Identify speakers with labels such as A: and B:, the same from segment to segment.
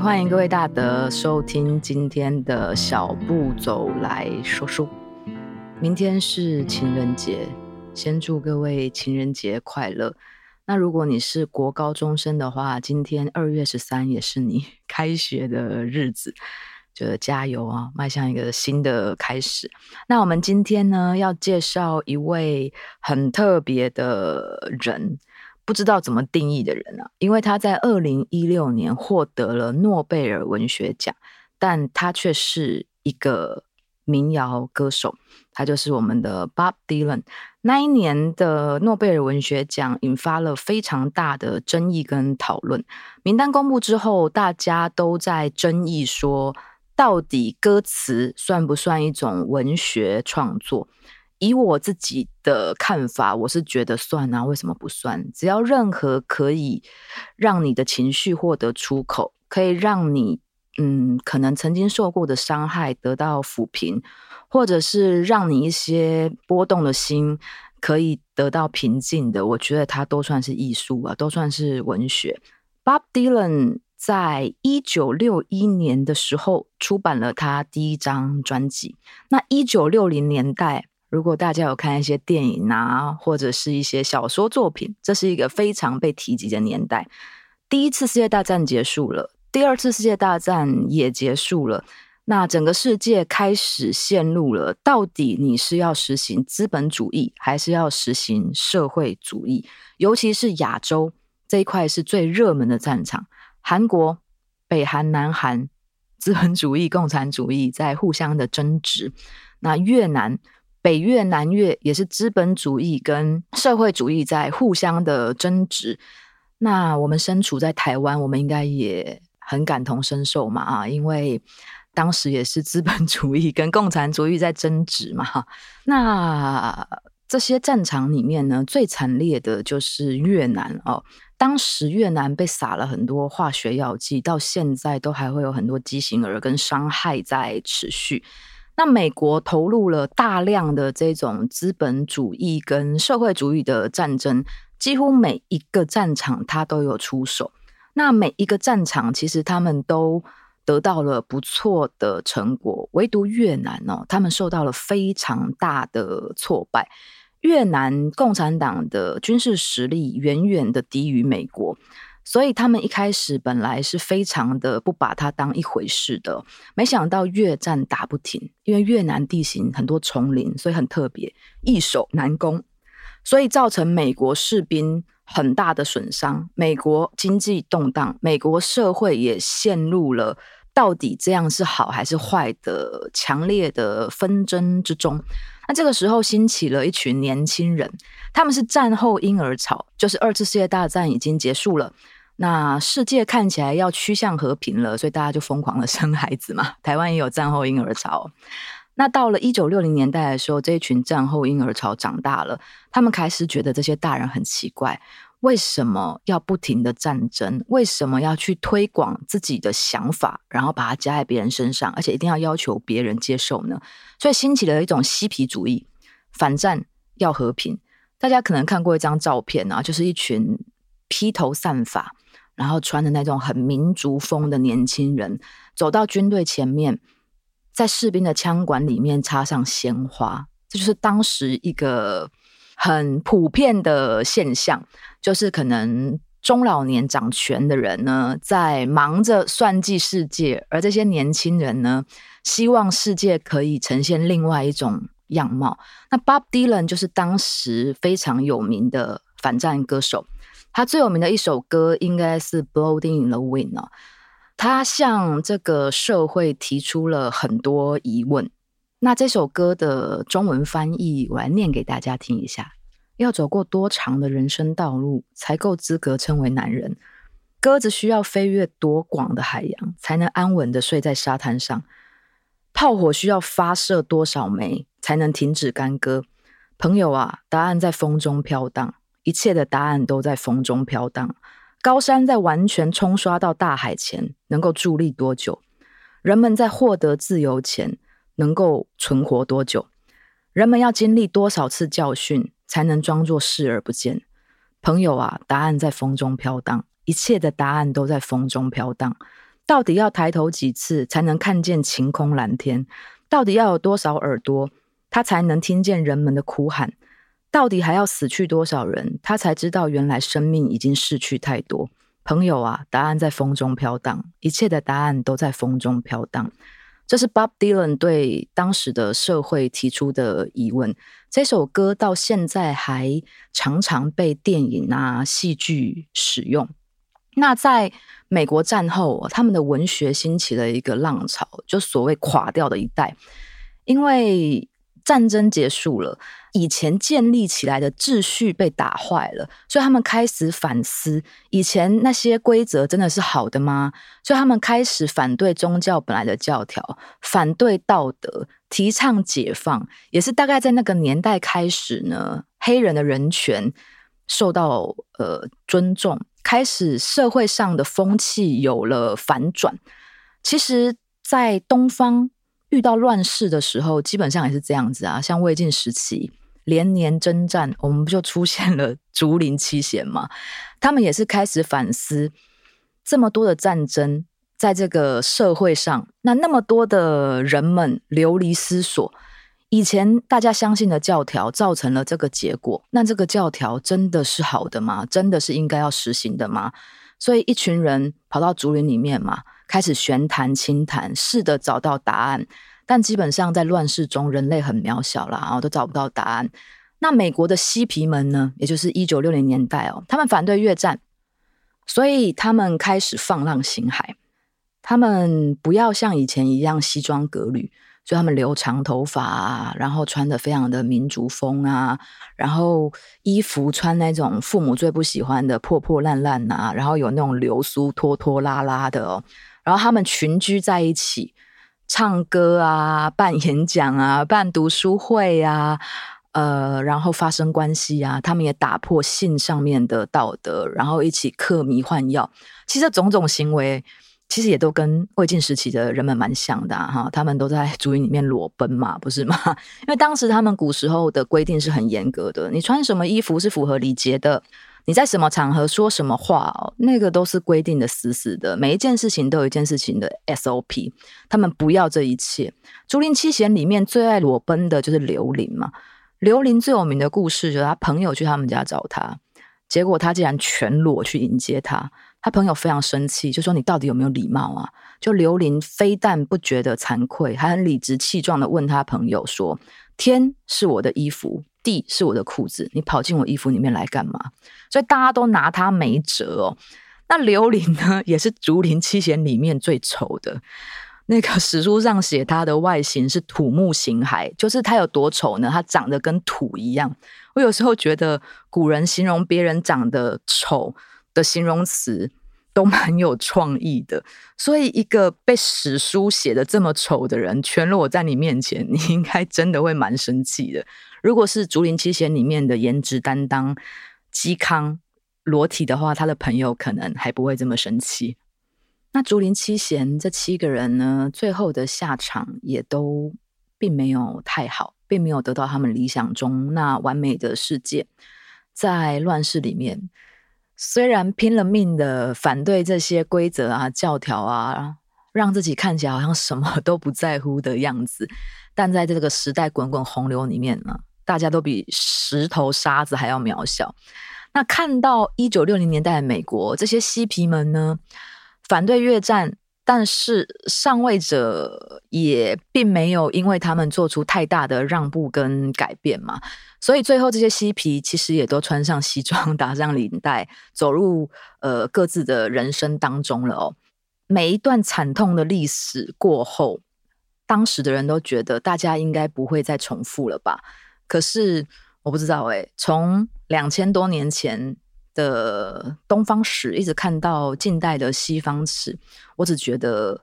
A: 歡迎各位大德收聽今天的小步走來說書。明天是情人節，先祝各位情人節快樂。那如果你是國高中生的話，今天二月十三也是你開學的日子，就加油啊，邁向一個新的開始。那我們今天呢，要介紹一位很特別的人。不知道怎麼定義的人啊，因為他在二零一六年獲得了諾貝爾文學獎，但他卻是一個民謠歌手，他就是我們的 Bob Dylan。那一年的諾貝爾文學獎引發了非常大的爭議跟討論。名單公布之後，大家都在爭議說，到底歌詞算不算一種文學創作？以我自己的看法，我是覺得算啊，為什麼不算？只要任何可以讓你的情緒獲得出口，可以讓你嗯，可能曾經受過的傷害得到撫平，或者是讓你一些波動的心可以得到平靜的，我覺得它都算是藝術啊，都算是文學。Bob Dylan 在一九六一年的時候出版了他第一張專輯，那一九六零年代。如果大家有看一些電影啊，或者是一些小說作品，這是一個非常被提及的年代。第一次世界大戰結束了，第二次世界大戰也結束了，那整個世界開始陷入了，到底你是要實行資本主義，還是要實行社會主義？尤其是亞洲這一塊是最熱門的戰場，韓國、北韓、南韓，資本主義、共產主義在互相的爭執。那越南。北越、南越也是資本主義跟社會主義在互相的爭執。那我們身處在台灣，我們應該也很感同身受嘛啊！因為當時也是資本主義跟共產主義在爭執嘛。那這些戰場裡面呢，最慘烈的就是越南哦。當時越南被撒了很多化學藥劑，到現在都還會有很多畸形兒跟傷害在持續。那美國投入了大量的這種資本主義跟社會主義的戰爭，幾乎每一個戰場它都有出手。那每一個戰場其實他們都得到了不錯的成果，唯獨越南哦，他們受到了非常大的挫敗。越南共產黨的軍事實力遠遠的低於美國。所以他們一開始本來是非常的不把它當一回事的，沒想到越戰打不停，因為越南地形很多叢林，所以很特別，易守難攻，所以造成美國士兵很大的損傷，美國經濟動盪，美國社會也陷入了到底這樣是好還是壞的強烈的紛爭之中。那這個時候興起了一群年輕人，他們是戰後嬰兒潮，就是二次世界大戰已經結束了。那世界看起來要趨向和平了，所以大家就瘋狂的生孩子嘛。台灣也有戰後嬰兒潮。那到了一九六零年代的時候，這一群戰後嬰兒潮長大了，他們開始覺得這些大人很奇怪，為什麼要不停的戰爭？為什麼要去推廣自己的想法，然後把它加在別人身上，而且一定要要求別人接受呢？所以興起了一種嬉皮主義，反戰，要和平。大家可能看過一張照片啊，就是一群披頭散髮。然後穿的那種很民族風的年輕人走到軍隊前面，在士兵的槍管裡面插上鮮花，這就是當時一個很普遍的現象。就是可能中老年掌權的人呢，在忙着算計世界，而這些年輕人呢，希望世界可以呈現另外一種樣貌。那 Bob Dylan 就是當時非常有名的反戰歌手，他最有名的一首歌應該是《Blowin' in the Wind》。哦，他向這個社會提出了很多疑問。那這首歌的中文翻譯，我來念給大家聽一下：要走過多長的人生道路，才夠資格稱為男人？鴿子需要飛越多廣的海洋，才能安穩的睡在沙灘上？炮火需要發射多少枚，才能停止干戈？朋友啊，答案在風中飄蕩。一切的答案都在風中飄蕩。高山在完全沖刷到大海前，能夠佇立多久？人們在獲得自由前，能夠存活多久？人們要經歷多少次教訓，才能裝作視而不見？朋友啊，答案在風中飄蕩。一切的答案都在風中飄蕩。到底要抬頭幾次，才能看見晴空藍天？到底要有多少耳朵，他才能聽見人們的哭喊？到底還要死去多少人，他才知道原來生命已經逝去太多。朋友啊，答案在風中飄蕩，一切的答案都在風中飄蕩。這是 Bob Dylan 對當時的社會提出的疑問。這首歌到現在還常常被電影啊、戲劇使用。那在美國戰後，他們的文學興起了一個浪潮，就所謂“垮掉的一代”，因為。戰爭結束了，以前建立起來的秩序被打壞了，所以他們開始反思，以前那些規則真的是好的嗎？所以他們開始反對宗教本來的教條，反對道德，提倡解放，也是大概在那個年代開始呢，黑人的人權受到呃尊重，開始社會上的風氣有了反轉。其實在東方。遇到亂世的時候，基本上也是這樣子啊。像魏晉時期，連年征戰，我們不就出現了竹林七賢嗎？他們也是開始反思，這麼多的戰爭，在這個社會上，那那麼多的人們流離失所，以前大家相信的教條造成了這個結果。那這個教條真的是好的嗎？真的是應該要實行的嗎？所以一群人跑到竹林裡面嘛。開始玄談清談，試着找到答案，但基本上在亂世中，人類很渺小啦，啊，都找不到答案。那美國的嬉皮們呢？也就是一九六零年代哦，他們反對越戰，所以他們開始放浪形骸。他們不要像以前一樣西裝革履，所以他們留長頭髮、啊、然後穿得非常的民族風啊，然後衣服穿那種父母最不喜歡的破破爛爛啊，然後有那種流蘇拖拖拉拉的哦。然後他們群居在一起，唱歌啊，辦演講啊，辦讀書會啊，呃，然後發生關係啊，他們也打破性上面的道德，然後一起嗑迷幻藥。其實種種行為，其實也都跟魏晉時期的人們蠻像的、啊、哈。他們都在竹林裡面裸奔嘛，不是嗎？因為當時他們古時候的規定是很嚴格的，你穿什麼衣服是符合禮節的。你在什麼場合說什麼話哦，那個都是規定的死死的，每一件事情都有一件事情的 SOP。他們不要這一切。竹林七賢裡面最愛裸奔的就是劉伶嘛。劉伶最有名的故事就是他朋友去他們家找他，結果他竟然全裸去迎接他。他朋友非常生氣，就說：“你到底有沒有禮貌啊？”就劉伶，非但不覺得慚愧，還很理直氣壯的問他朋友說：“天是我的衣服，地是我的褲子，你跑進我衣服裡面來幹嘛？”所以大家都拿他沒轍哦、喔。那劉伶呢，也是竹林七賢裡面最醜的那個。史書上寫他的外形是土木形骸，就是他有多醜呢？他長得跟土一樣。我有時候覺得古人形容別人長得醜的形容詞都蠻有創意的，所以一個被史書寫的這麼醜的人全裸在你面前，你應該真的會蠻生氣的。如果是竹林七賢裡面的顏值擔當嵇康裸體的話，他的朋友可能還不會這麼生氣。那竹林七賢這七個人呢，最後的下場也都並沒有太好，並沒有得到他們理想中那完美的世界，在亂世裡面。雖然拼了命的反對這些規則啊、教條啊，讓自己看起來好像什麼都不在乎的樣子，但在這個時代滾滾洪流裡面呢、啊，大家都比石頭沙子還要渺小。那看到一九六零年代的美國，這些嬉皮們呢，反對越戰，但是上位者也並沒有因為他們做出太大的讓步跟改變嘛。所以最後，這些嬉皮其實也都穿上西裝，打上領帶，走入呃各自的人生當中了哦。每一段慘痛的歷史過後，當時的人都覺得大家應該不會再重複了吧？可是我不知道哎，從兩千多年前的東方史一直看到近代的西方史，我只覺得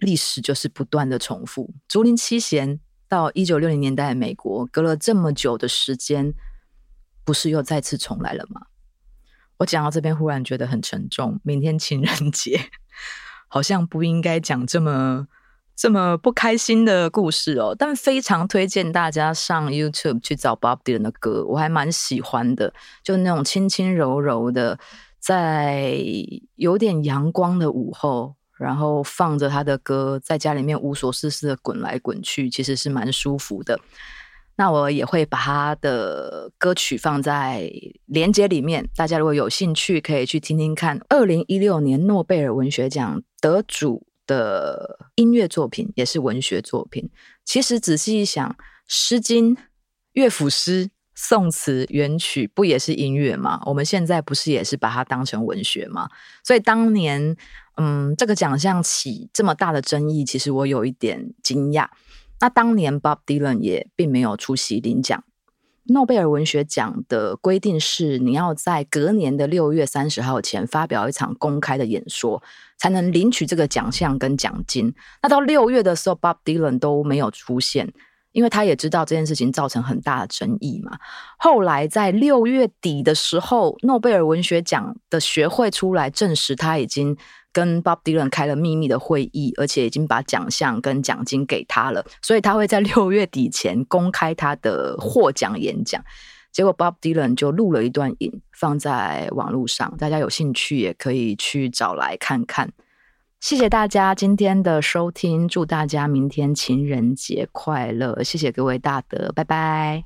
A: 歷史就是不斷的重複。竹林七賢。到一九六零年代，美國隔了這麼久的時間，不是又再次重來了嗎？我講到這邊，忽然覺得很沉重。明天情人節，好像不應該講這麼這麼不開心的故事哦。但非常推薦大家上 YouTube 去找 Bob Dylan 的歌，我還蠻喜歡的，就那種輕輕柔柔的，在有點陽光的午後。然後放着他的歌，在家裡面無所事事的滾來滾去，其實是蠻舒服的。那我也會把他的歌曲放在連結裡面，大家如果有興趣，可以去聽聽看。二零一六年諾貝爾文學獎得主的音樂作品，也是文學作品。其實仔細一想，《詩經》、樂府詩。宋詞、元曲，不也是音樂嗎？我們現在不是也是把它當成文學嗎？所以當年，嗯，這個獎項起這麼大的爭議，其實我有一點驚訝。那當年 Bob Dylan 也並沒有出席領獎。諾貝爾文學獎的規定是，你要在隔年的六月三十號前發表一場公開的演說，才能領取這個獎項跟獎金。那到六月的時候，Bob Dylan 都沒有出現。因為他也知道這件事情造成很大的爭議嘛。後來在六月底的時候，諾貝爾文學獎的學會出來證實，他已經跟 Bob Dylan 開了秘密的會議，而且已經把獎項跟獎金給他了。所以他會在六月底前公開他的獲獎演講。結果 Bob Dylan 就錄了一段影放在網絡上，大家有興趣也可以去找來看看。謝謝大家今天的收聽，祝大家明天情人節快樂！謝謝各位大德，拜拜。